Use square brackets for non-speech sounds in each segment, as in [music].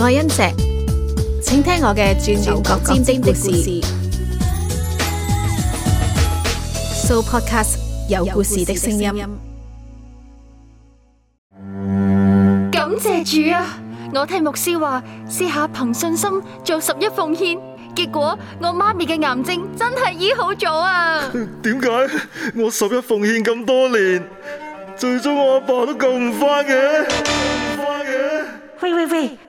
愛恩石，請聽我嘅轉轉角尖丁的故事。So podcast 有故事的聲音。感謝主啊！我聽牧師話，試下憑信心做十一奉獻，結果我媽咪嘅癌症真係醫好咗啊！點解？我十一奉獻咁多年，最終我阿爸都救唔翻嘅。喂喂喂！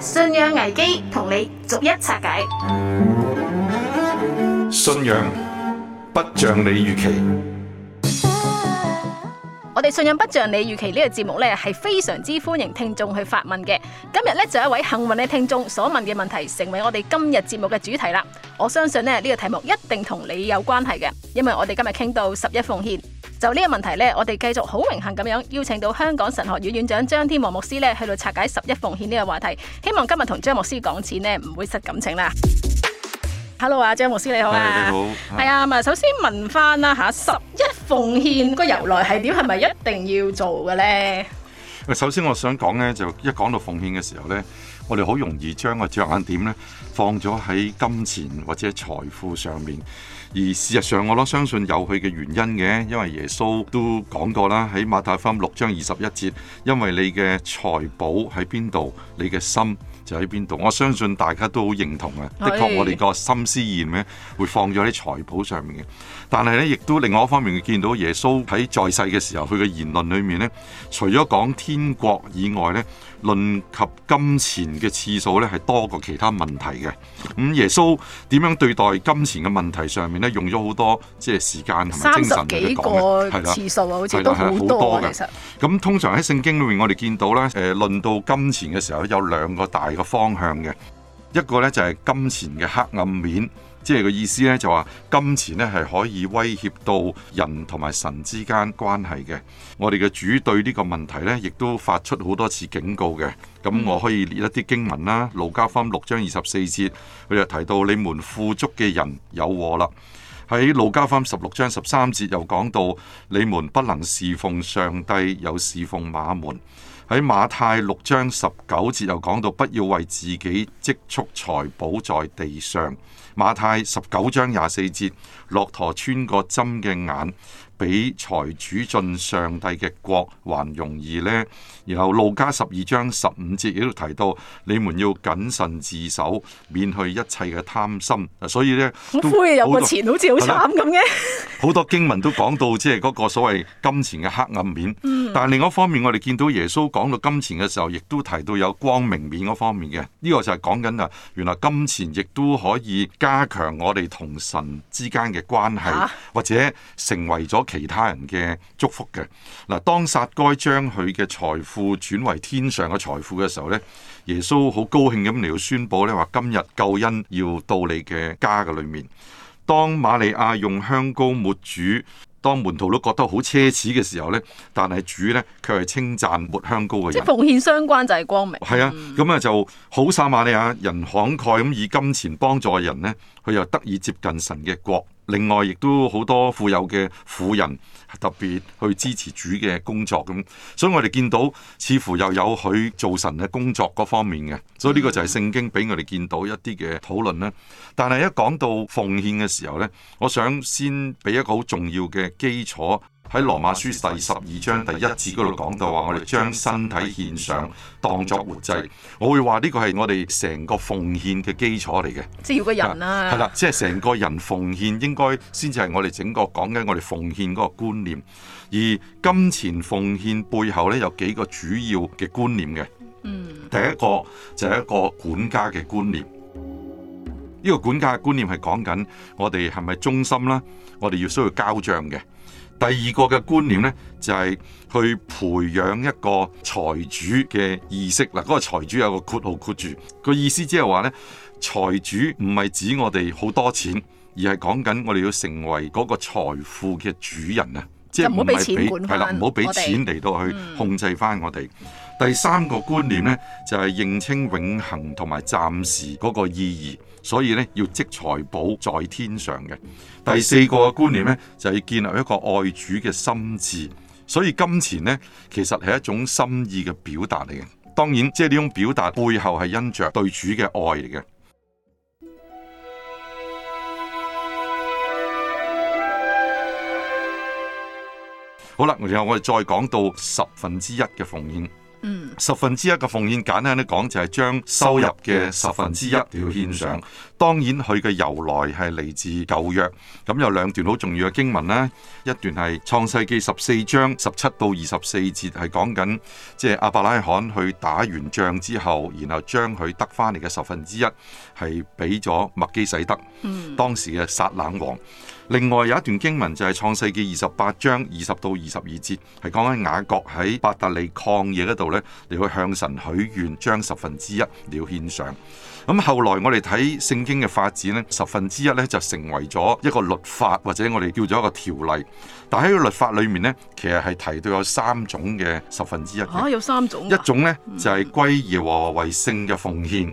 信仰危機同你逐一拆解。信仰不像你預期。我哋信仰不像你預期呢個節目呢係非常之歡迎聽眾去發問嘅。今日呢就有一位幸運嘅聽眾所問嘅問題，成為我哋今日節目嘅主題啦。我相信呢呢個題目一定同你有關係嘅，因為我哋今日傾到十一奉獻。就呢個問題呢，我哋繼續好榮幸咁樣邀請到香港神學院院長張天王牧師呢，去到拆解十一奉獻呢個話題。希望今日同張牧師講錢呢，唔會失感情啦。Hello 啊，張牧師你好啊，你好。係啊，咪首先問翻啦吓，十一奉獻個由來係點？係咪一定要做嘅呢？首先我想講呢，就一講到奉獻嘅時候呢，我哋好容易將個着眼點呢，放咗喺金錢或者財富上面。而事實上，我都相信有佢嘅原因嘅，因為耶穌都講過啦，喺馬太福音六章二十一節，因為你嘅財寶喺邊度，你嘅心就喺邊度。我相信大家都好認同嘅，的、的確我哋個心思意念會放咗喺財寶上面嘅。但係咧，亦都另外一方面，見到耶穌喺在，在世嘅時候，佢嘅言論裏面咧，除咗講天國以外咧，論及金錢嘅次數咧，係多過其他問題嘅。咁耶穌點樣對待金錢嘅問題上面咧，用咗好多即係時間同埋精神嚟講嘅。係啦，次數啊，的好似都好多嘅。咁通常喺聖經裏面，我哋見到咧，誒、呃、論到金錢嘅時候，有兩個大嘅方向嘅。一個咧就係、是、金錢嘅黑暗面。即係個意思咧，就話金錢咧係可以威脅到人同埋神之間關係嘅。我哋嘅主對呢個問題咧，亦都發出好多次警告嘅。咁我可以列一啲經文啦，《路加福音》六章二十四節，佢就提到你們富足嘅人有禍啦。喺《路加福音》十六章十三節又講到，你們不能侍奉上帝又侍奉馬門。喺《馬太》六章十九節又講到，不要為自己積蓄財寶在地上。馬太十九章廿四節，駱駝穿過針嘅眼，比財主進上帝嘅國還容易呢。」然後路加十二章十五節亦都提到，你們要謹慎自守，免去一切嘅貪心。所以咧，好灰嘅有個錢好似好慘咁嘅的。好樣 [laughs] 多經文都講到，即係嗰個所謂金錢嘅黑暗面。嗯、但係另一方面，我哋見到耶穌講到金錢嘅時候，亦都提到有光明面嗰方面嘅。呢、這個就係講緊啊，原來金錢亦都可以加強我哋同神之間嘅關係，啊、或者成為咗其他人嘅祝福嘅。嗱，當撒該將佢嘅財富轉為天上嘅財富嘅時候呢，耶穌好高興咁嚟到宣布呢，話今日救恩要到你嘅家嘅裏面。當瑪利亞用香膏抹主，當門徒都覺得好奢侈嘅時候呢，但係主呢，卻係稱讚抹香膏嘅人。即奉獻相關就係光明。係、嗯、啊，咁啊就好撒瑪利亞人慷慨咁以金錢幫助的人呢，佢又得以接近神嘅國。另外，亦都好多富有嘅婦人特別去支持主嘅工作咁，所以我哋見到似乎又有佢做神嘅工作嗰方面嘅，所以呢個就係聖經俾我哋見到一啲嘅討論啦。但係一講到奉獻嘅時候呢，我想先俾一個好重要嘅基礎。喺羅馬書第十二章第一節嗰度講到話，我哋將身體獻上當作活祭。我會話呢個係我哋成個奉獻嘅基礎嚟嘅，即係要一個人啦、啊。係啦，即係成個人奉獻應該先至係我哋整個講緊我哋奉獻嗰個觀念。而金錢奉獻背後呢，有幾個主要嘅觀念嘅。嗯，第一個就係一個管家嘅觀念。呢個管家嘅觀念係講緊我哋係咪忠心啦？我哋要需要交賬嘅。第二個嘅觀念呢，就係、是、去培養一個財主嘅意識。嗱，嗰個財主有個括號括住個意思，即係話呢，財主唔係指我哋好多錢，而係講緊我哋要成為嗰個財富嘅主人啊！即係唔好俾錢，係啦，唔好俾錢嚟到去控制翻我哋。嗯、第三個觀念呢，就係、是、認清永恆同埋暫時嗰個意義。所以咧，要積財寶在天上嘅。第四個觀念咧，就係建立一個愛主嘅心智。所以金錢咧，其實係一種心意嘅表達嚟嘅。當然即係呢種表達背後係因着對主嘅愛嚟嘅。好啦，然後我哋再講到十分之一嘅奉獻。十分之一嘅奉獻，簡單啲講就係將收入嘅十分之一要獻上、嗯、上。當然佢嘅由來係嚟自舊約，咁有兩段好重要嘅經文咧。一段係創世記十四章十七到二十四節，係講緊即係亞伯拉罕去打完仗之後，然後將佢得翻嚟嘅十分之一係俾咗麥基洗德，嗯、當時嘅撒冷王。另外有一段經文就係創世紀二十八章二十到二十二節，係講緊雅各喺伯特利曠野嗰度咧，嚟去向神許願，將十分之一嚟到獻上。咁後來我哋睇聖經嘅發展咧，十分之一咧就成為咗一個律法或者我哋叫做一個條例。但喺個律法裏面咧，其實係提到有三種嘅十分之一。吓，有三種。一種咧就係歸耶和華為聖嘅奉獻，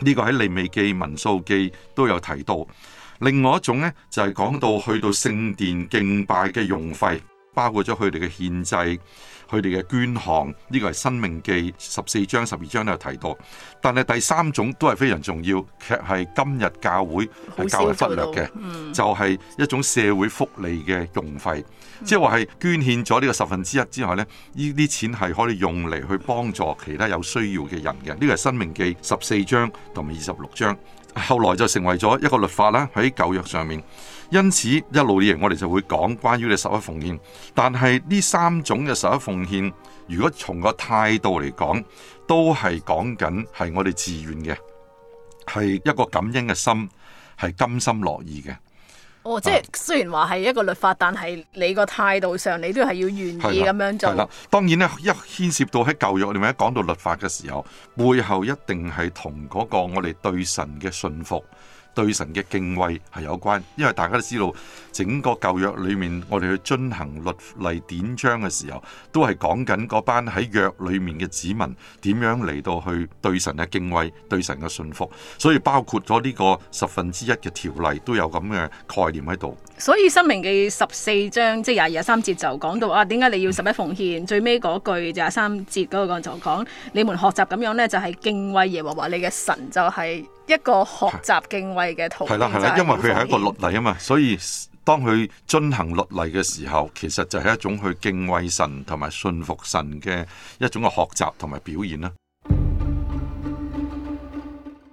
呢個喺利未記、民數記都有提到。另外一種咧，就係講到去到聖殿敬拜嘅用費，包括咗佢哋嘅獻祭、佢哋嘅捐項，呢個係《申命記》十四章、十二章都有提到。但係第三種都係非常重要，卻係今日教會係較為忽略嘅，就係一種社會福利嘅用費，即係話係捐獻咗呢個十分之一之外咧，呢啲錢係可以用嚟去幫助其他有需要嘅人嘅。呢個係《申命記》十四章同埋二十六章。後來就成為咗一個律法啦，喺舊約上面。因此一路以嚟，我哋就會講關於嘅十一奉獻。但係呢三種嘅十一奉獻，如果從個態度嚟講，都係講緊係我哋自願嘅，係一個感恩嘅心，係甘心樂意嘅。哦，即係雖然話係一個律法，啊、但係你個態度上，你都係要願意咁樣做係啦、係啦。當然咧，一牽涉到喺教育裡面，你咪一講到律法嘅時候，背後一定係同嗰個我哋對神嘅信服。對神嘅敬畏係有關，因為大家都知道，整個舊約裏面，我哋去遵行律例典章嘅時候，都係講緊嗰班喺約裏面嘅子民點樣嚟到去對神嘅敬畏、對神嘅信服，所以包括咗呢個十分之一嘅條例都有咁嘅概念喺度。所以申命記十四章即係廿二、廿三節就講到啊，點解你要十一奉獻？嗯、最尾嗰句廿三節嗰個節就講：你們學習咁樣呢，就係、是、敬畏耶和華你嘅神、就是，就係。一個學習敬畏嘅途徑就係，因為佢係一個律例啊嘛，所以當佢進行律例嘅時候，其實就係一種去敬畏神同埋信服神嘅一種嘅學習同埋表現啦。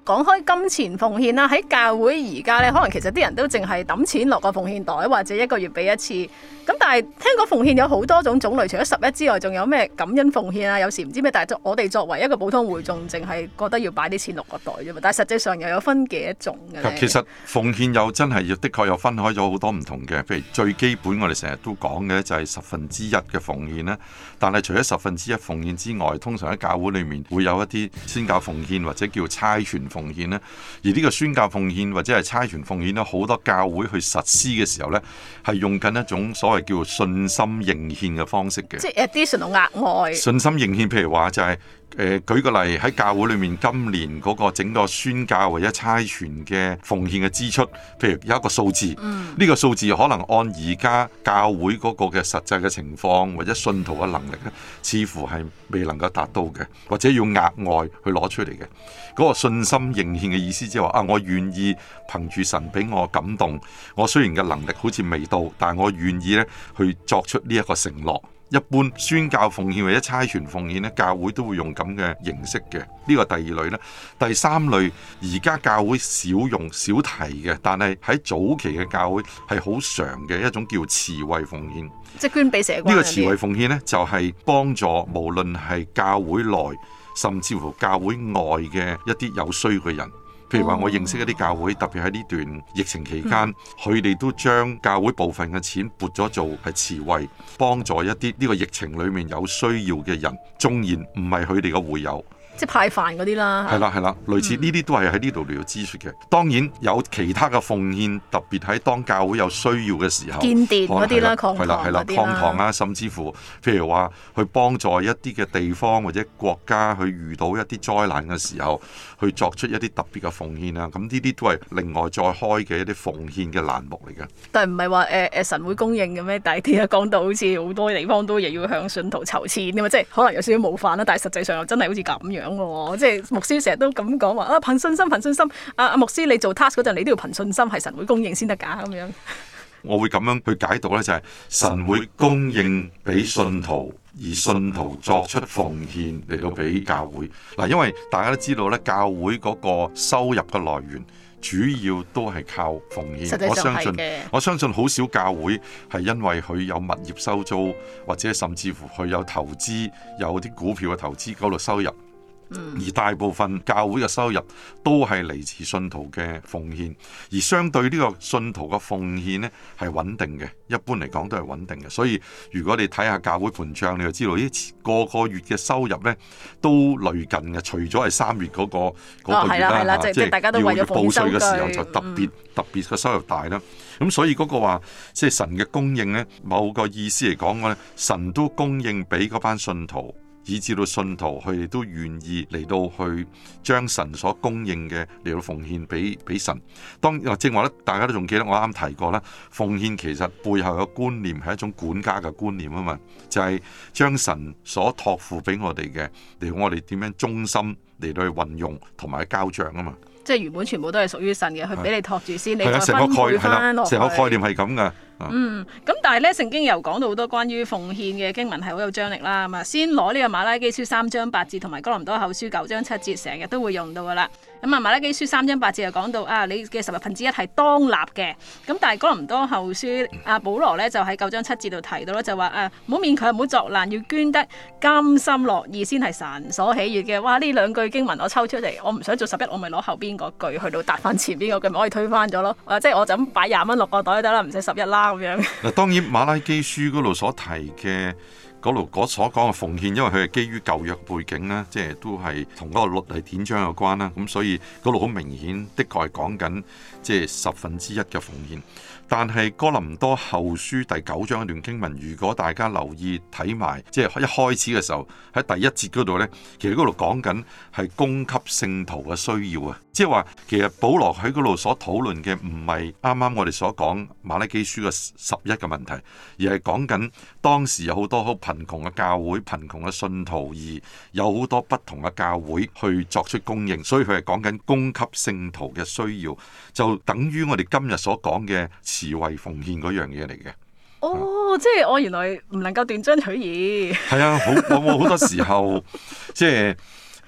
講開金錢奉獻啦，喺教會而家咧，可能其實啲人都淨係揼錢落個奉獻袋，或者一個月俾一次。咁但係聽講奉獻有好多種種類，除咗十一之外，仲有咩感恩奉獻啊？有時唔知咩，但係我哋作為一個普通會眾，淨係覺得要擺啲錢落個袋啫嘛。但係實際上又有分幾多種嘅咧？其實奉獻又真係要，的確又分開咗好多唔同嘅，譬如最基本我哋成日都講嘅就係十分之一嘅奉獻咧。但係除咗十分之一奉獻之外，通常喺教會裏面會有一啲宣教奉獻或者叫差傳奉獻咧。而呢個宣教奉獻或者係差傳奉獻咧，好多教會去實施嘅時候咧，係用緊一種所謂叫信心認獻嘅方式嘅。即係 additional 額外信心認獻譬如話就係，是。誒、呃、舉個例喺教會裏面，今年嗰個整個宣教或者差傳嘅奉獻嘅支出，譬如有一個數字，呢、嗯、個數字可能按而家教會嗰個嘅實際嘅情況或者信徒嘅能力咧，似乎係未能夠達到嘅，或者要額外去攞出嚟嘅嗰個信心認獻嘅意思、就是，即係話啊，我願意憑住神俾我感動，我雖然嘅能力好似未到，但我願意咧去作出呢一個承諾。一般宣教奉獻或者差傳奉獻咧，教會都會用咁嘅形式嘅，呢個第二類啦。第三類，而家教會少用少提嘅，但係喺早期嘅教會係好常嘅一種叫慈惠奉獻，即捐俾社。呢個慈惠奉獻咧，就係幫助無論係教會內甚至乎教會外嘅一啲有需嘅人。譬如話，我認識一啲教會，oh. 特別喺呢段疫情期間，佢哋、mm. 都將教會部分嘅錢撥咗做係慈惠，幫助一啲呢個疫情裏面有需要嘅人，縱然唔係佢哋嘅會友。即派飯嗰啲啦，係啦係啦，類似呢啲都係喺呢度嚟到支出嘅。嗯、當然有其他嘅奉獻，特別喺當教會有需要嘅時候，建殿嗰啲啦，啊、擴堂嗰啲啦，擴堂啊，甚至乎譬如話去幫助一啲嘅地方或者國家，去遇到一啲災難嘅時候，去作出一啲特別嘅奉獻啊。咁呢啲都係另外再開嘅一啲奉獻嘅欄目嚟嘅。但係唔係話誒誒神會供應嘅咩？但係點解講到好似好多地方都亦要向信徒籌錢啊？即、就、係、是、可能有少少冒犯啦，但係實際上又真係好似咁樣。即係牧師成日都咁講，話啊！憑信心，憑信心。阿阿牧師，你做 task 嗰陣，你都要憑信心，係神會供應先得噶咁樣。我會咁樣去解讀咧，就係神會供應俾信徒，而信徒作出奉獻嚟到俾教會。嗱，因為大家都知道咧，教會嗰個收入嘅來源，主要都係靠奉獻。我相信，我相信好少教會係因為佢有物業收租，或者甚至乎佢有投資，有啲股票嘅投資嗰度收入。嗯、而大部分教會嘅收入都係嚟自信徒嘅奉獻，而相對呢個信徒嘅奉獻呢係穩定嘅，一般嚟講都係穩定嘅。所以如果你睇下教會盤賬，你就知道呢個個月嘅收入呢都累近嘅，除咗係三月嗰、嗰個嗰、哦、個月啦吓，即係、啊、要去報稅嘅時候就特別、嗯、特別嘅收入大啦。咁所以嗰個話即係神嘅供應呢，某個意思嚟講呢神都供應俾嗰班信徒。以至到信徒佢哋都願意嚟到去將神所供應嘅嚟到奉獻俾俾神。當正話咧，大家都仲記得我啱提過啦。奉獻其實背後嘅觀念係一種管家嘅觀念啊嘛，就係、是、將神所託付俾我哋嘅嚟到我哋點樣忠心嚟到去運用同埋交賬啊嘛。即係原本全部都係屬於神嘅，佢俾你托住先，的你再分攵翻落去。成的個概念係咁㗎。嗯，咁但係咧聖經又講到好多關於奉獻嘅經文係好有張力啦，咁啊，先攞呢個馬拉基書三章八節同埋哥林多後書九章七節，成日都會用到㗎喇。咁啊，馬拉基書三章八字就講到啊，你嘅十六分之一係當立嘅。咁但係哥林多後書，阿、啊、保羅咧就喺九章七字度提到咧，就話誒，唔、啊、好勉強，唔好作難，要捐得甘心樂意先係神所喜悅嘅。哇！呢兩句經文我抽出嚟，我唔想做十一，我咪攞後邊個句去到搭翻前邊個句，咪可以推翻咗咯、啊。即係我就咁擺廿蚊落個袋就得啦，唔使十一啦咁樣。嗱，當然馬拉基書嗰度所提嘅。嗰度所講嘅奉獻，因為佢係基於舊約背景咧，即係都係同嗰個律例典章有關啦，咁所以嗰度好明顯，的確係講緊即係十分之一嘅奉獻。但係哥林多後書第九章一段經文，如果大家留意睇埋，即係、就是、一開始嘅時候喺第一節嗰度呢，其實嗰度講緊係供給聖徒嘅需要啊！即係話其實保羅喺嗰度所討論嘅唔係啱啱我哋所講馬拉基書嘅十一嘅問題，而係講緊當時有好多好貧窮嘅教會、貧窮嘅信徒，而有好多不同嘅教會去作出供應，所以佢係講緊供給聖徒嘅需要。就等於我哋今日所講嘅慈惠奉獻嗰樣嘢嚟嘅。哦，啊、即係我原來唔能夠斷章取義。係啊，好 [laughs] 我冇好多時候 [laughs] 即係。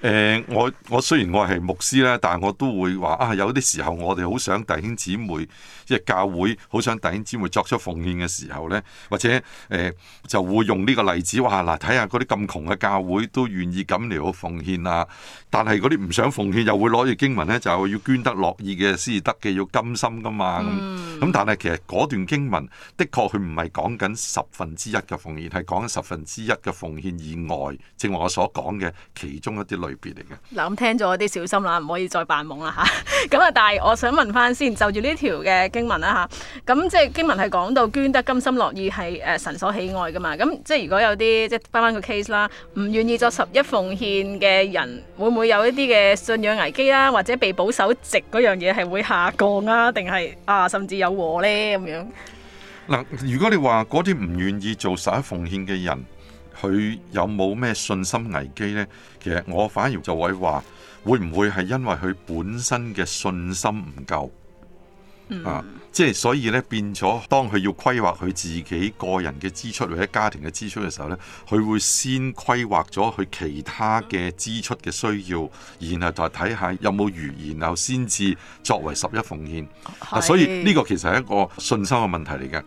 誒、呃、我我雖然我係牧師咧，但係我都會話啊，有啲時候我哋好想弟兄姊妹，即、就、係、是、教會好想弟兄姊妹作出奉獻嘅時候咧，或者誒、呃、就會用呢個例子話嗱，睇下嗰啲咁窮嘅教會都願意咁嚟做奉獻啊！但係嗰啲唔想奉獻又會攞住經文咧，就要捐得樂意嘅先至得嘅，要甘心噶嘛咁。咁、嗯、但係其實嗰段經文的確佢唔係講緊十分之一嘅奉獻，係講十分之一嘅奉獻以外，正話我所講嘅其中一啲類。嗱，咁聽咗啲小心啦，唔可以再扮懵啦吓，咁啊，但係我想問翻先，就住呢條嘅經文啦吓，咁即係經文係講到捐得甘心樂意係誒神所喜愛噶嘛。咁即係如果有啲即係翻翻個 case 啦，唔願意做十一奉獻嘅人，會唔會有一啲嘅信仰危機啦，或者被保守值嗰樣嘢係會下降啊，定係啊甚至有禍呢？咁樣？嗱，如果你話嗰啲唔願意做十一奉獻嘅人。佢有冇咩信心危機呢？其實我反而就會話，會唔會係因為佢本身嘅信心唔夠，mm. 啊？即係所以咧，變咗當佢要規劃佢自己個人嘅支出或者家庭嘅支出嘅時候呢，佢會先規劃咗佢其他嘅支出嘅需要，mm. 然後就睇下有冇餘言，然後先至作為十一奉獻。Okay. 啊、所以呢個其實係一個信心嘅問題嚟嘅。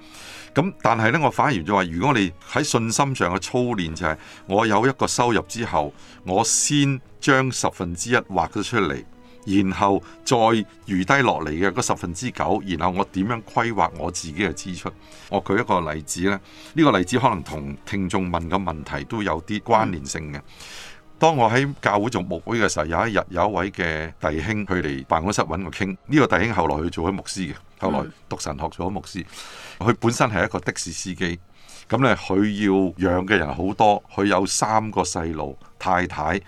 咁，但係呢，我反而就話，如果我哋喺信心上嘅操練就係，我有一個收入之後，我先將十分之一劃咗出嚟，然後再餘低落嚟嘅嗰十分之九，然後我點樣規劃我自己嘅支出？我舉一個例子呢，呢個例子可能同聽眾問嘅問題都有啲關聯性嘅。嗯，當我喺教會做牧會嘅時候，有一日有一位嘅弟兄佢嚟辦公室揾我傾，呢個弟兄後來去做咗牧師嘅。後來讀神學做咗牧師，佢本身係一個的士司機，咁咧佢要養嘅人好多，佢有三個細路、太太，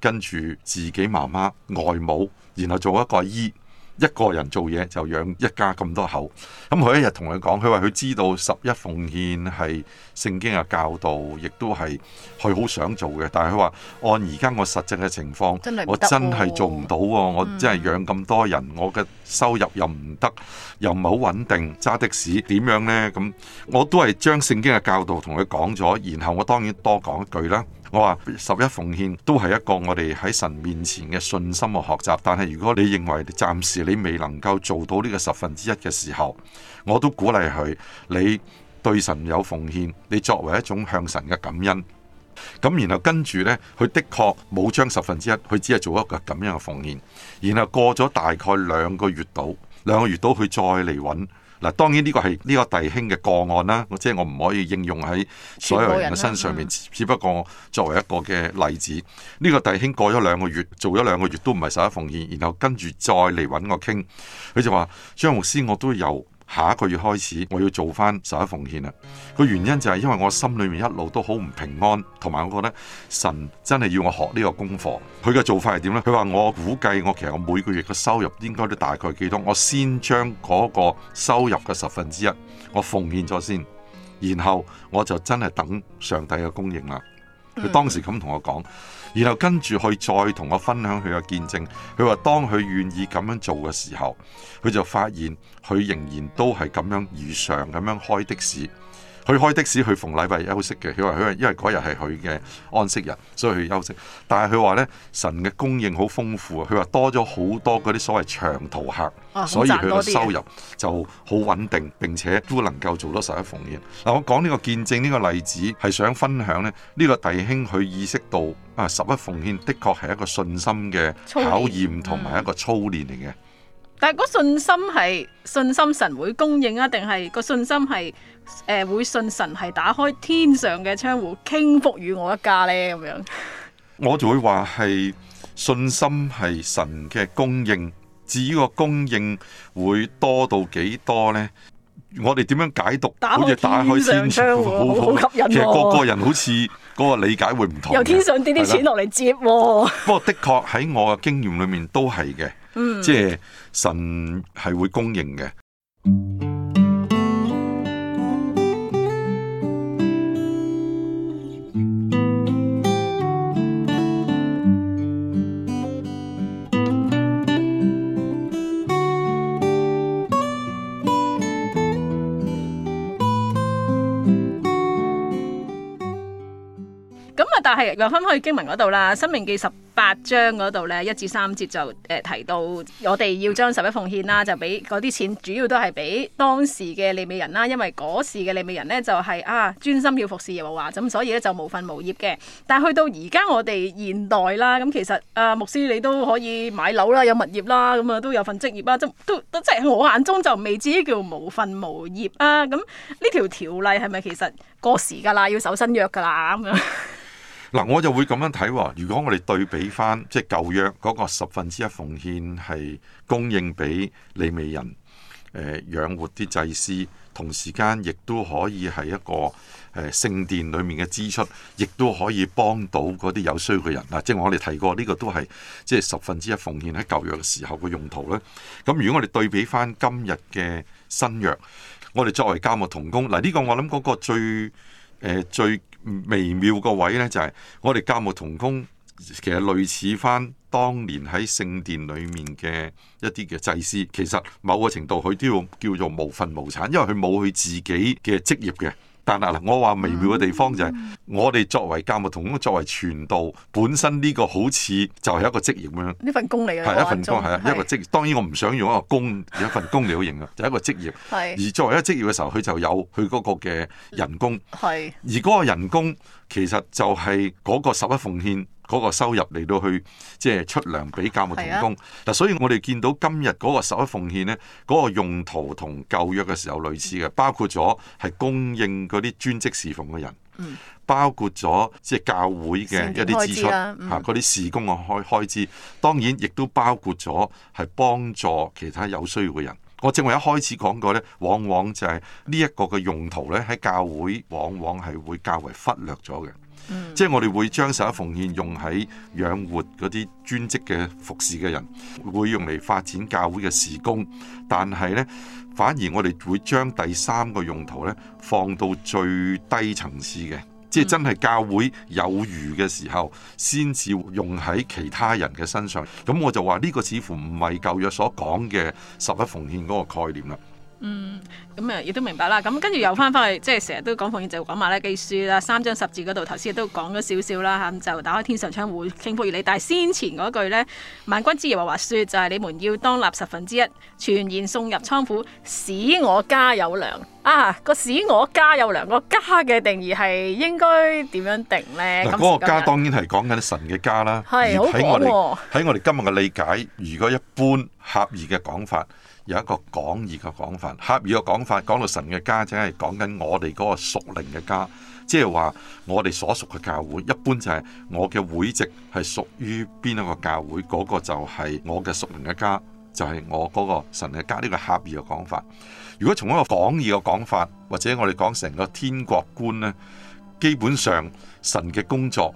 跟住自己媽媽、外母，然後做一個是醫。一個人做嘢就養一家咁多口，咁佢一日同佢講，佢話佢知道十一奉獻係聖經嘅教導，亦都係佢好想做嘅。但係佢話按而家我實際嘅情況，真我真係做唔到喎、啊。我真係養咁多人，嗯、我嘅收入又唔得，又唔係好穩定。揸的士點樣呢？咁我都係將聖經嘅教導同佢講咗，然後我當然多講一句啦。我話十一奉獻都係一個我哋喺神面前嘅信心和學習，但係如果你認為暫時你未能夠做到呢個十分之一嘅時候，我都鼓勵佢，你對神有奉獻，你作為一種向神嘅感恩，咁然後跟住呢，佢的確冇將十分之一，佢只係做一個咁樣嘅奉獻，然後過咗大概兩個月度兩個月度，佢再嚟揾。嗱，當然呢個係呢個弟兄嘅個案啦，就是、我即係我唔可以應用喺所有人嘅身上面，啊、只不過作為一個嘅例子。呢、呢個弟兄過咗兩個月，做咗兩個月都唔係十一奉獻，然後跟住再嚟揾我傾，佢就話：張牧師，我都有。下一個月開始，我要做翻十一奉獻啦。個原因就係因為我心裏面一路都好唔平安，同埋我覺得神真係要我學呢個功課。佢嘅做法係點呢？佢話我估計我其實我每個月嘅收入應該都大概幾多，我先將嗰個收入嘅十分之一我奉獻咗先，然後我就真係等上帝嘅供應啦。佢當時咁同我講。然後跟住佢再同我分享佢嘅見證，佢話當佢願意咁樣做嘅時候，佢就發現佢仍然都係咁樣如常咁樣開的士。佢開的士去逢禮拜休息嘅，佢話佢話因為嗰日係佢嘅安息日，所以佢休息。但係佢話呢，神嘅供應好豐富，佢話多咗好多嗰啲所謂長途客，啊、所以佢嘅收入就好穩定，啊、並且都能夠做到十一奉獻。嗱、啊，我講呢個見證呢個例子係想分享咧，呢個弟兄佢意識到啊，十一奉獻的確係一個信心嘅考驗同埋一個操練嚟嘅。但係嗰，信心係信心神會供應啊，定係個信心係誒會信神係打開天上嘅窗戶傾福於我一家咧咁樣？我就會話係信心係神嘅供應。至於個供應會多到幾多咧？我哋點樣解讀？好似打開天上窗戶開，好吸引、哦、其實個個人好似嗰個理解會唔同。由天上跌啲錢落嚟接、哦。不過的確喺我嘅經驗裏面都係嘅。嗯、即係神係會公認嘅。但係又翻開經文嗰度啦，《申命記》十八章嗰度咧，一至三節就誒、呃、提到，我哋要將十一奉獻啦，就俾嗰啲錢，主要都係俾當時嘅利未人啦。因為嗰時嘅利未人咧，就係、是、啊專心要服侍耶和華，咁所以咧就無份無業嘅。但係去到而家我哋現代啦，咁其實啊牧師你都可以買樓啦，有物業啦，咁啊都有份職業啦，都都即係我眼中就未至於叫無份無業啊。咁呢條條例係咪其實過時㗎啦？要守新約㗎啦咁樣。 [laughs] 嗱，我就會咁樣睇。如果我哋對比翻，即係舊約嗰個十分之一奉獻係供應俾利未人，誒、呃、養活啲祭司，同時間亦都可以係一個誒聖、呃、殿裡面嘅支出，亦都可以幫到嗰啲有需要嘅人啊！即係我哋提過呢、這個都係即係十分之一奉獻喺舊約嘅時候嘅用途咧。咁如果我哋對比翻今日嘅新約，我哋作為教牧同工，嗱、啊、呢、這個我諗嗰個最誒、呃、最。微妙個位呢，就係我哋監牧同工，其實類似翻當年喺聖殿裡面嘅一啲嘅祭司，其實某個程度佢都要叫做無份無產，因為佢冇佢自己嘅職業嘅。但係，我話微妙嘅地方就係，我哋作為教牧同工，作為傳道，本身呢個好似就係一個職業咁樣。呢份工嚟嘅係一份工，係一個職業。當然我唔想用一個工，有一份工嚟好型，啊，就係一個職業。係。而作為一個職業嘅時候，佢就有佢嗰個嘅人工。係。而嗰個人工，其實就係嗰個十一奉獻。嗰個收入嚟到去即係出糧俾教牧嘅同工嗱，是啊、所以我哋見到今日嗰個十一奉獻咧，嗰個用途同舊約嘅時候類似嘅，包括咗係供應嗰啲專職侍奉嘅人，包括咗即係教會嘅一啲支出嚇，嗰啲事工嘅開開支，當然亦都包括咗係幫助其他有需要嘅人。我正話一開始講過咧，往往就係呢一個嘅用途咧，喺教會往往係會較為忽略咗嘅。嗯、即係我哋會將十一奉獻用喺養活嗰啲專職嘅服侍嘅人，會用嚟發展教會嘅事工。但係呢，反而我哋會將第三個用途呢，放到最低層次嘅，即係真係教會有餘嘅時候，先至用喺其他人嘅身上。咁我就話呢個似乎唔係舊約所講嘅十一奉獻嗰個概念啦。嗯，咁、嗯、啊，亦都明白啦。咁跟住又返返去，即係成日都講奉應就講馬拉基書啦。三章十字嗰度，頭先都講咗少少啦吓，就打開天上窗戶傾福如你。但係先前嗰句呢，萬軍之耶和華說，就係、是、你們要當立十分之一，全然送入倉庫，使我家有糧。啊，那個使我家有糧、那個家嘅定義係應該點樣定呢？嗰個家當然係講緊神嘅家啦。係是好喎、哦，喺我哋今日嘅理解，如果一般合宜嘅講法。有一個廣義嘅講法，狹義嘅講法講到神嘅家，只係講緊我哋嗰個屬靈嘅家，即係話我哋所屬嘅教會一般就係我嘅會籍係屬於邊一個教會，嗰、那個就係我嘅屬靈嘅家，就係、是、我嗰個神嘅家呢、這個狹義嘅講法。如果從一個廣義嘅講法，或者我哋講成個天國觀呢基本上神嘅工作。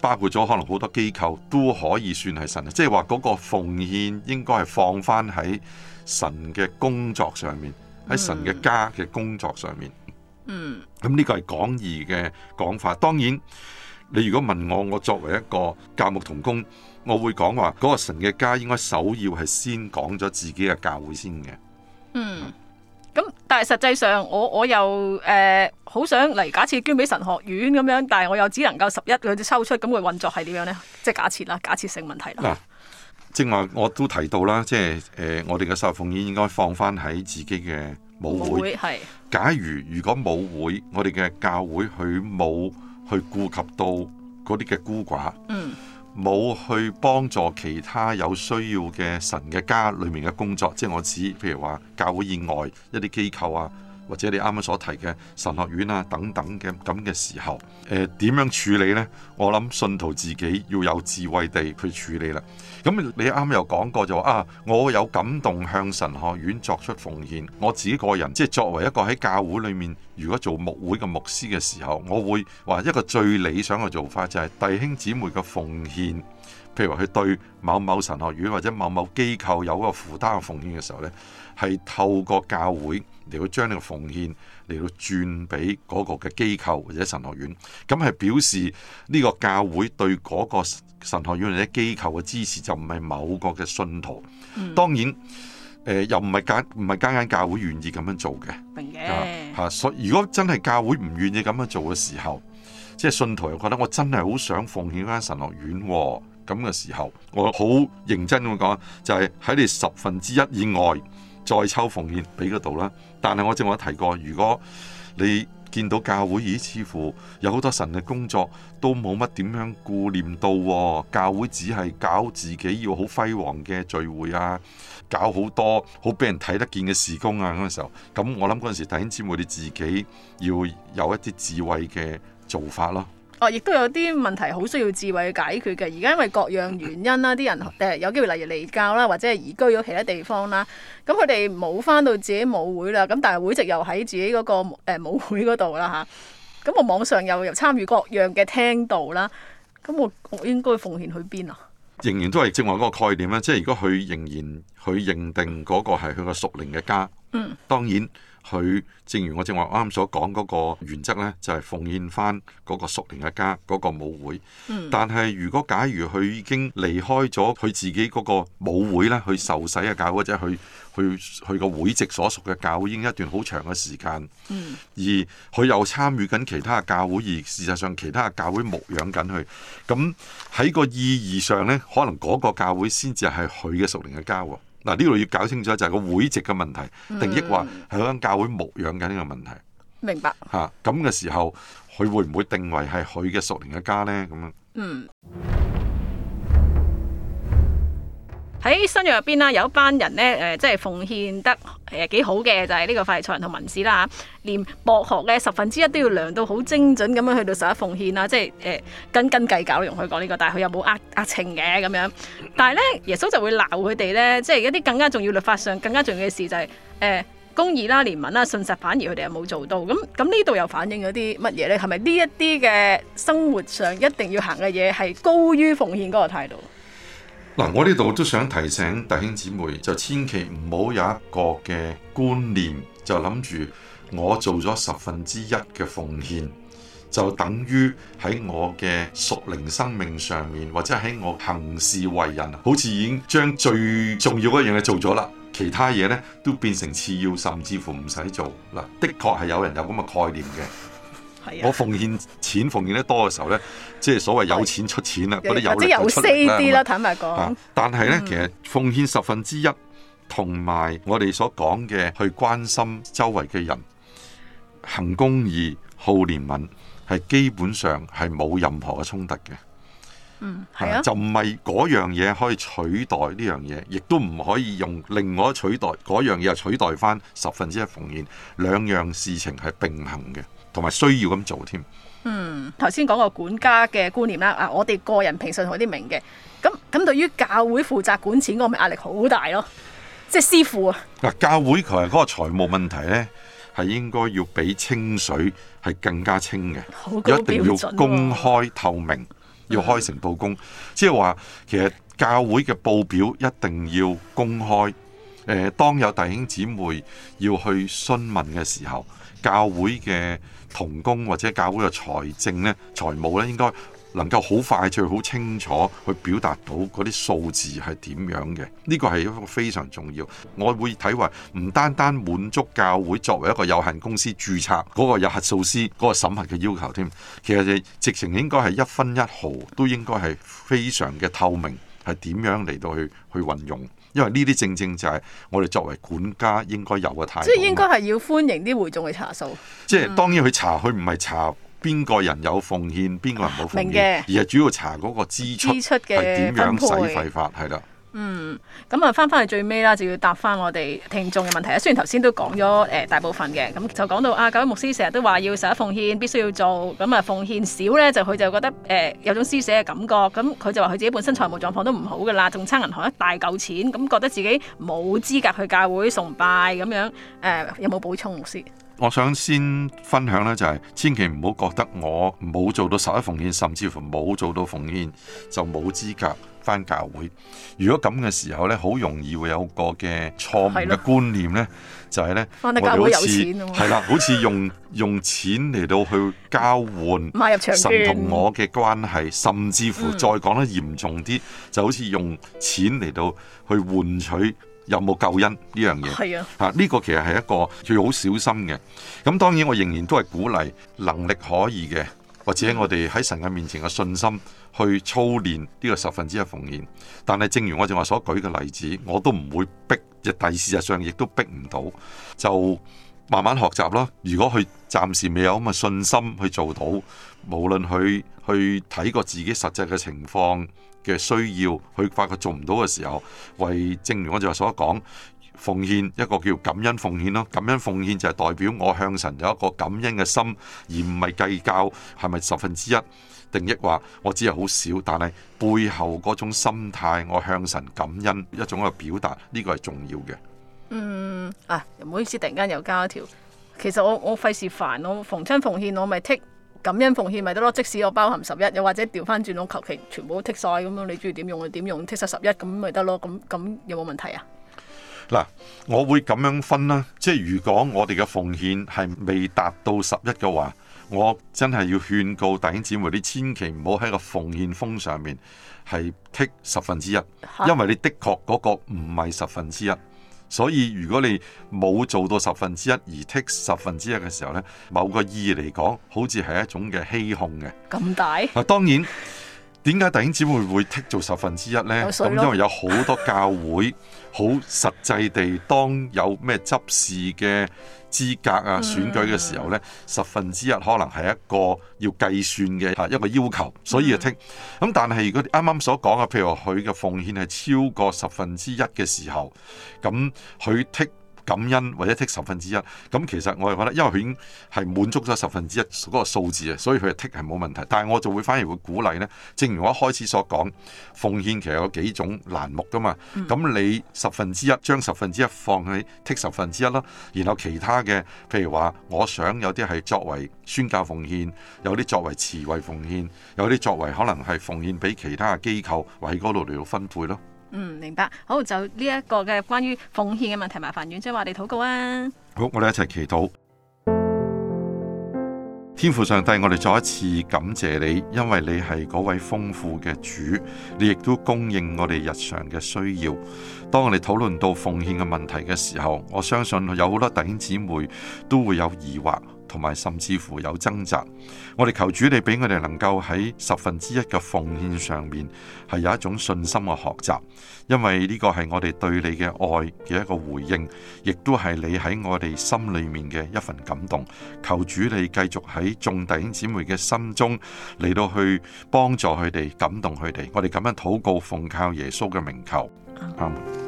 包括咗可能好多機構都可以算係神，即係話嗰個奉獻應該係放翻喺神嘅工作上面，喺神嘅家嘅工作上面。嗯，咁呢、嗯、個係廣義嘅講法。當然，你如果問我，我作為一個教牧同工，我會講話嗰個神嘅家應該首要係先講咗自己嘅教會先嘅。嗯。咁，但係實際上我，我我又誒好、呃、想嚟假設捐俾神學院咁樣，但係我又只能夠十一佢抽出，咁、那、佢、個、運作係點樣呢？即係假設啦，假設性問題啦。正話、啊、我都提到啦，即係誒、呃，我哋嘅受奉獻應該放翻喺自己嘅母會。母會係假如如果母會我哋嘅教會佢冇去顧及到嗰啲嘅孤寡，嗯。冇去幫助其他有需要嘅神嘅家裏面嘅工作，即係我指，譬如話教會以外一啲機構啊，或者你啱啱所提嘅神學院啊等等嘅咁嘅時候，誒、呃、點樣處理呢？我諗信徒自己要有智慧地去處理啦。咁你啱又講過就話啊，我有感動向神學院作出奉獻，我自己個人即係作為一個喺教會裏面，如果做牧會嘅牧師嘅時候，我會話一個最理想嘅做法就係弟兄姊妹嘅奉獻，譬如話佢對某某神學院或者某某機構有一個負擔嘅奉獻嘅時候呢，係透過教會嚟到將呢個奉獻嚟到轉俾嗰個嘅機構或者神學院，咁係表示呢個教會對嗰個。神學院啲機構嘅支持就唔係某個嘅信徒，嗯、當然，誒、呃、又唔係間唔係間間教會願意咁樣做嘅，吓、嗯啊啊，所以如果真係教會唔願意咁樣做嘅時候，即、就、係、是、信徒又覺得我真係好想奉獻間神學院咁、啊、嘅時候，我好認真咁講，就係、是、喺你十分之一以外再抽奉獻俾嗰度啦。但係我正話提過，如果你。見到教會而似乎有好多神嘅工作都冇乜點樣顧念到，教會只係搞自己要好輝煌嘅聚會啊，搞好多好俾人睇得見嘅事工啊，嗰陣時候，咁我諗嗰陣時弟兄姊妹你自己要有一啲智慧嘅做法咯。哦，亦都有啲問題好需要智慧去解決嘅。而家因為各樣原因啦，啲人誒有機會例如離教啦，或者係移居咗其他地方啦，咁佢哋冇返到自己母會啦，咁但係會籍又喺自己嗰個母會嗰度啦嚇。咁我網上又又參與各樣嘅聽道啦，咁我我應該奉獻去邊啊？仍然都係正話嗰個概念啦，即係如果佢仍然佢認定嗰個係佢個屬靈嘅家，嗯，當然。佢正如我正話啱所講嗰個原則呢，就係奉獻返嗰個屬靈嘅家嗰個母會。但係如果假如佢已經離開咗佢自己嗰個母會呢，去受洗嘅教會或者去去去個會籍所屬嘅教會已經一段好長嘅時間，而佢又參與緊其他嘅教會，而事實上其他嘅教會牧養緊佢，咁喺個意義上呢，可能嗰個教會先至係佢嘅屬靈嘅家喎。嗱，呢度要搞清楚就係個會籍嘅問題，嗯、定義話係響教會牧養緊呢個問題。明白嚇，咁嘅時候佢會唔會定位係佢嘅屬靈嘅家呢？咁樣嗯。喺新約入邊啦，有一班人咧，誒，即係奉獻得誒幾好嘅，就係呢個法利賽人同文士啦吓。連博學嘅十分之一都要量到好精準咁樣去到十一奉獻啊，即係誒斤斤計較，容許講呢個，但係佢又冇呃呃情嘅咁樣。但係咧，耶穌就會鬧佢哋咧，即係一啲更加重要，律法上更加重要嘅事就係誒公義啦、憐憫啦、信實，反而佢哋又冇做到。咁咁呢度又反映咗啲乜嘢咧？係咪呢一啲嘅生活上一定要行嘅嘢係高於奉獻嗰個態度？嗱，我呢度都想提醒弟兄姊妹，就千祈唔好有一個嘅觀念，就諗住我做咗十分之一嘅奉獻，就等於喺我嘅屬靈生命上面，或者喺我行事為人，好似已經將最重要一樣嘢做咗啦，其他嘢咧都變成次要，甚至乎唔使做。嗱，的確係有人有咁嘅概念嘅。我奉獻錢奉獻得多嘅時候呢，即係所謂有錢出錢啦，嗰啲的有力就出力啦，坦白講。但係呢，嗯、其實奉獻十分之一，同埋我哋所講嘅去關心周圍嘅人，行公義、好憐憫，係基本上係冇任何嘅衝突嘅。係啊、嗯，就唔係嗰樣嘢可以取代呢樣嘢，亦都唔可以用另外取代嗰樣嘢，取代翻十分之一奉獻，兩樣事情係並行嘅。同埋需要咁做添。嗯，頭先講個管家嘅觀念啦。啊，我哋個人平信好啲明嘅。咁咁，對於教會負責管錢嗰個壓力好大咯，即係師傅啊。嗱，教會佢係嗰個財務問題咧，係應該要比清水係更加清嘅，一定要公開透明，要開誠布公。即係話，其實教會嘅報表一定要公開。誒，當有弟兄姊妹要去詢問嘅時候，教會嘅同工或者教會嘅財政呢，財務呢，應該能夠好快速、好清楚去表達到嗰啲數字係點樣嘅。呢個係一個非常重要。我會睇話唔單單滿足教會作為一個有限公司註冊嗰個有核數師嗰個審核嘅要求，添其實就直情應該係一分一毫都應該係非常嘅透明，係點樣嚟到去去運用。因為呢啲正正就係我哋作為管家應該有嘅態度，即係應該係要歡迎啲會眾去查數。嗯、即係當然佢查，佢唔係查邊個人有奉獻，邊個人冇奉獻，啊、而係主要查嗰個支出嘅係點樣使費法，係啦。嗯，咁啊，翻翻去最尾啦，就要答翻我哋聽眾嘅問題啦。雖然頭先都講咗誒，大部分嘅，咁就講到啊，教會牧師成日都話要十一奉獻，必須要做。咁啊，奉獻少呢，就佢就覺得誒、欸，有種施捨嘅感覺。咁佢就話佢自己本身財務狀況都唔好噶啦，仲差銀行一大嚿錢，咁覺得自己冇資格去教會崇拜咁樣。誒、欸，有冇補充，牧師？我想先分享呢、就是，就係千祈唔好覺得我冇做到十一奉獻，甚至乎冇做到奉獻就冇資格。翻教會，如果咁嘅時候呢，好容易會有個嘅錯誤嘅觀念呢，的就係呢：「好似好似用用錢嚟到去交換神同我嘅關係，甚至乎再講得嚴重啲，嗯、就好似用錢嚟到去換取有冇救恩呢樣嘢。係呢的個其實係一個要好小心嘅。咁當然我仍然都係鼓勵，能力可以嘅，或者我哋喺神嘅面前嘅信心，去操練呢個十分之一奉獻，但係正如我正話所舉嘅例子，我都唔會逼，但事實上亦都逼唔到，就慢慢學習咯。如果佢暫時未有咁嘅信心去做到，無論佢去睇過自己實際嘅情況嘅需要，佢發覺做唔到嘅時候，為正如我正話所講，奉獻一個叫感恩奉獻咯，感恩奉獻就係代表我向神有一個感恩嘅心，而唔係計較係咪十分之一。定義話我只係好少，但係背後嗰種心態，我向神感恩，一種嘅表達，呢個係重要嘅。嗯啊，唔好意思，突然間又加一條。其實我我費事煩，我逢親奉獻，我咪剔感恩奉獻咪得咯。即使我包含十一，又或者調翻轉，我求其全部剔晒咁樣，你中意點用就點用，剔晒十一咁咪得咯。咁咁有冇問題啊？嗱，我會咁樣分啦，即係如果我哋嘅奉獻係未達到十一嘅話，我真係要勸告弟兄姊妹，你千祈唔好喺個奉獻風上面係剔十分之一，因為你的確嗰個唔係十分之一，所以如果你冇做到十分之一而剔十分之一嘅時候呢某個意義嚟講，好似係一種嘅欺哄嘅。咁大嗱，當然。點解弟兄姊妹會剔做十分之一呢？咁因為有好多教會好實際地，當有咩執事嘅資格啊、選舉嘅時候呢，十分之一可能係一個要計算嘅啊一個要求，所以啊剔。咁但係如果你啱啱所講嘅，譬如話佢嘅奉獻係超過十分之一嘅時候，咁佢剔。感恩或者剔十分之一，咁其實我係覺得，因為佢已經係滿足咗十分之一嗰個數字啊，所以佢係剔係冇問題。但係我就會反而會鼓勵呢，正如我一開始所講，奉獻其實有幾種欄目噶嘛。咁你十分之一將十分之一放喺剔十分之一啦，然後其他嘅，譬如話，我想有啲係作為宣教奉獻，有啲作為慈惠奉獻，有啲作為可能係奉獻俾其他嘅機構，或者喺嗰度嚟到分配咯。嗯，明白。好，就呢一個嘅關於奉獻嘅問題，麻煩院姐話你禱告啊！好，我哋一齊祈禱。天父上帝，我哋再一次感謝你，因為你係嗰位豐富嘅主，你亦都供應我哋日常嘅需要。當我哋討論到奉獻嘅問題嘅時候，我相信有好多弟兄姊妹都會有疑惑。同埋甚至乎有掙扎，我哋求主你俾我哋能夠喺十分之一嘅奉獻上面係有一種信心嘅學習，因為呢個係我哋對你嘅愛嘅一個回應，亦都係你喺我哋心裏面嘅一份感動。求主你繼續喺眾弟兄姊妹嘅心中嚟到去幫助佢哋，感動佢哋。我哋咁樣禱告，奉靠耶穌嘅名求。Amen.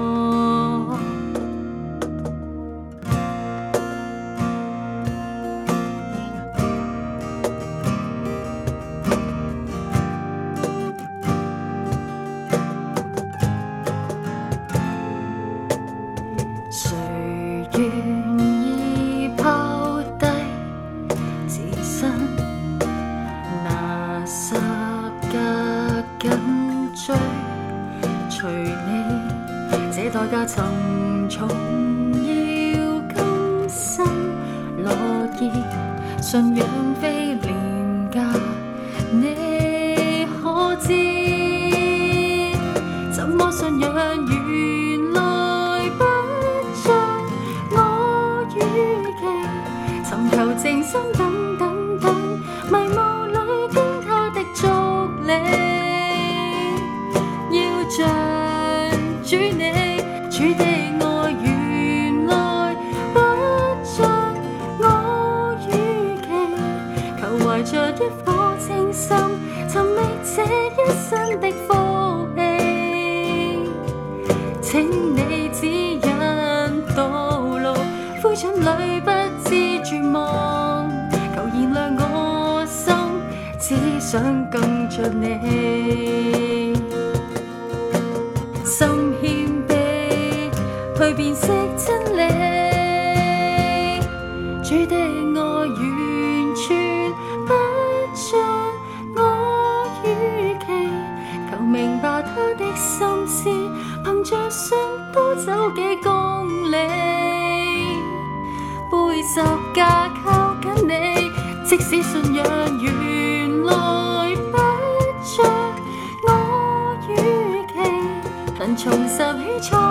即使信仰原來不像我預期，能重拾起初。